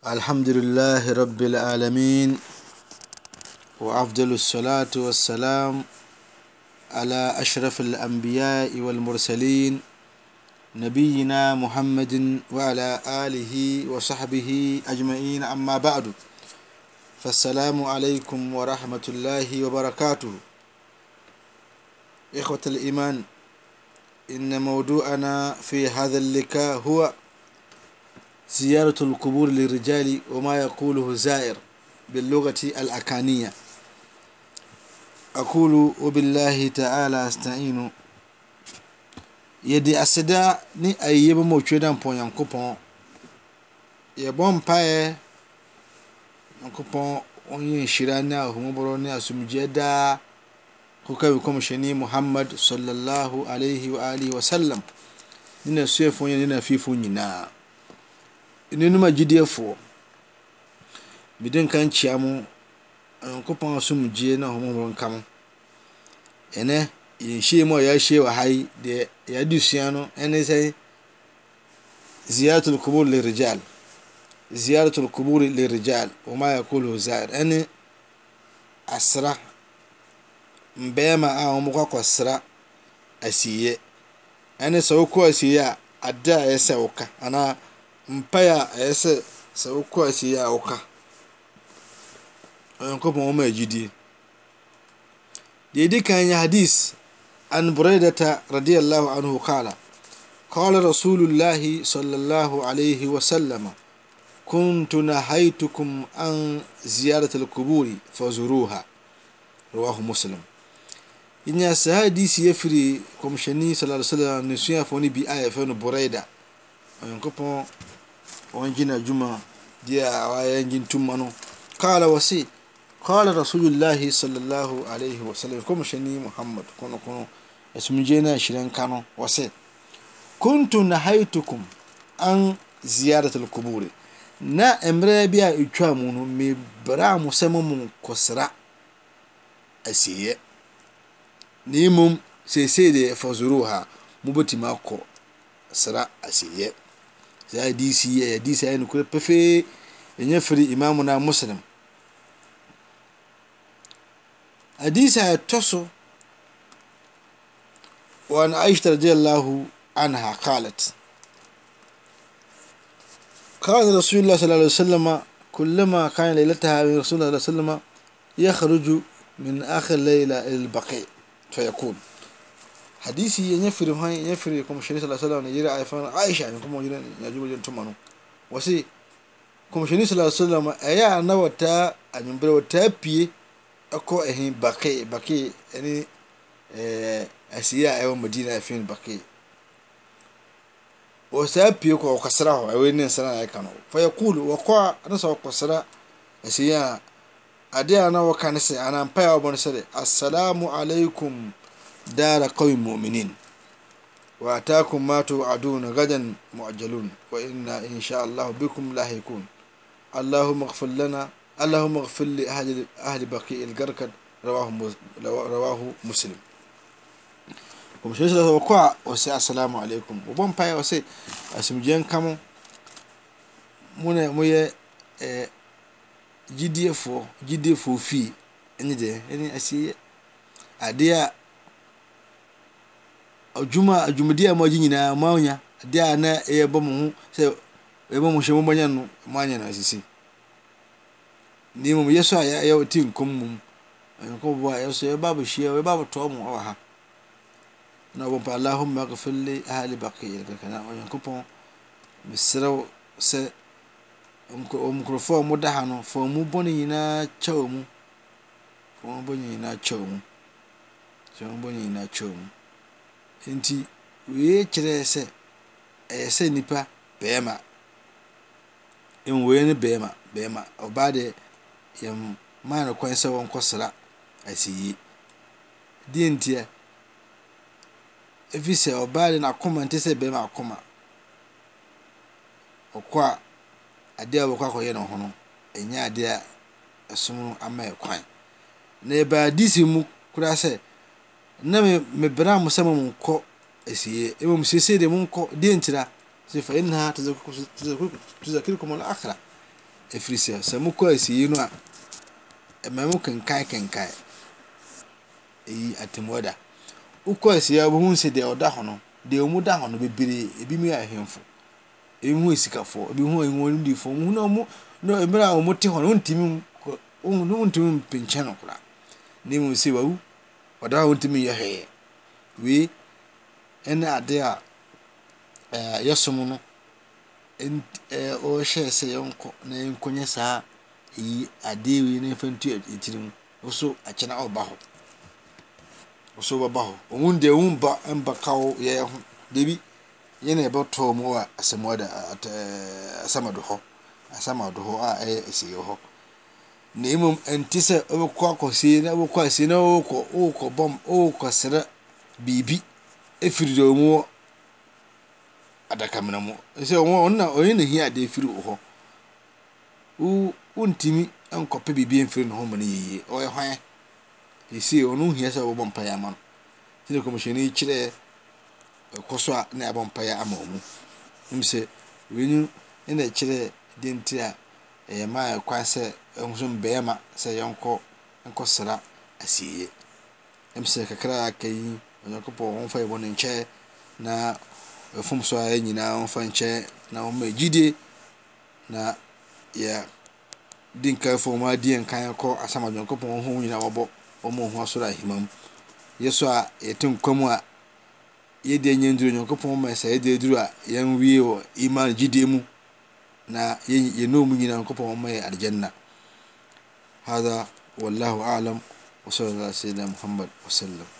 الحمد لله رب العالمين وأفضل الصلاة والسلام على أشرف الأنبياء والمرسلين نبينا محمد وعلى آله وصحبه أجمعين أما بعد فالسلام عليكم ورحمة الله وبركاته إخوة الإيمان إن موضوعنا في هذا اللقاء هو iarat lkuburi lirijali wama yakuluhu zair bilugati alakania aul bilah tala astanu yede asida ni ayebomda pyakp yebɔpa a yshira ni afu bɔr n asadaa ashnmuhaa al w wasaa inasufueaifuyina ne num gidee fuɔ mede nka kyia mu nyankopɔn asomgye ne homohoo nka mu nnɛ ynhye mu a yaahye wɔhai deɛ yadi sua no ne sɛ ziarat alkobore lirigal ziarat alkabor lirijal wama yaculhu zair ane asera mbɛɛma a hookakɔ sera asie ɛne sɛ wo kɔ asii a adea yɛsɛ wo kaaa aa asɛ sawkɔasiauka yk pmad deedikaya hadis an buraidata radialah anu aala ala rasullaahi sala lah alaii wasalama kuntu nahaytukum an ziyadata alqubuuri fazuruha rawahu muslim yasaadisiyafiri komsheni sa saam nisuya fo n bi aafen buraida ykp wangina juma dia wayangin tummano kala wasi kala rasulullahi sallallahu alaihi wa sallam kuma shani muhammad kuno kono kono esum na shirin kano wasi kuntu na nahaitukum an ziyarata kuburi na emre biya a munu me no mu a mun kosra asiye mo nkɔsra asieɛ na mmom seesei deɛ sra asieɛ saa hadisi ان hadisi ayɛ nokorɛ pefee ɛnyɛ firi imamu na muslim hadisi a ان so وعن عائشة رضي الله عنها قالت كان رسول الله صلى الله عليه وسلم كلما كان ليلتها من رسول الله صلى الله عليه وسلم يخرج من آخر ليلة إلى البقيع فيقول hadisi yenye firim han yenye firi kuma shiri sallallahu alaihi wasallam yira aifan aisha ne kuma yira ya ji wajen tumanu wasi kuma shiri sallallahu alaihi wasallam aya na wata anyimbere wata pie ako ɛhin bake bake ɛne eh asiya ayo madina medina afin bake wɔ saa pie kɔ ɔkɔsra hɔ ɛwɔ ne nsa na ɛka no fa yɛ cool wɔkɔ a ɛne sɛ ɔkɔsra asie a adeɛ a na wɔka ne sɛ anampa a wɔbɔ alaykum qو mmنين watakم ma تwdوn g mcجلون iن iنشa اللah bكم lاhكون للhم فرlahل bqي الgر رwah mسلم m aسaلاm lيkm b a km o ي s umadi myeyinam alahumafi aibakyankopɔ meserɛ sɛ mukrɔfo mo daha no fomu bɔn yinaa kɛmu ɛa nti wei kyerɛ sɛ ɛyɛ sɛ nipa bɛrima emu ne bɛrima bɛrima ɔbaa deɛ yɛn maa no kwan sɛ ɔnkɔsra asi yie deɛ ntia efi sɛ ɔbaa deɛ n'akoma nte sɛ bɛrima akoma ɔkɔ a adeɛ a ɔbɛkɔ akɔyɛ ne ho no ɛnyɛ adeɛ a ɛsom ama yɛ kwan na ɛbaa disi mu koraa sɛ. mebram sɛmmkɔ s kria smk s kenka knka mh sika f m pka ɔdea uh, uh, e, a wontimyɔ hɛɛ wei ɛne adeɛ a yɛsom no ɔhyɛ sɛ yɛk na nkɔnyɛ saa i adeɛ weina fa nt kiri mu wo so akyena ɔba hɔ sobba hɔ deɛwba kaw yɛɛho debi yɛne bɛtɔ mu sadohɔɛ see hɔ na mmom ɛnte sɛ wobɛkɔ sie na wobɛkɔ asie na wokɔ wokɔ bɔm wokɔsrɛ biribi ɛfiri deɛ ɔmu wɔ adakamena mu sɛ na ɔne ne hia adeɛ firi wo hɔ wontimi nkɔpɛ biribi mfiri ne ho ma no yɛyie ɔyɛ hwan ɔno sɛ mpaeɛ ama no ɛkɔ so a na ɛbɔ mpaeɛ ama ɔ mu m sɛ ɛna a yɛmaɛkwa sɛ so bɛma sɛ nkɔ sra spɛ kakraka oyankopɔnɔkɛafiɛaakakaɛɔnyankopɔs yɛe nkam a yɛd ya onyankopɔn ma sɛmagmu na yɛnɛ mu nyankopɔn ɔma yɛ aljanna هذا والله أعلم وصلى الله على سيدنا محمد وسلم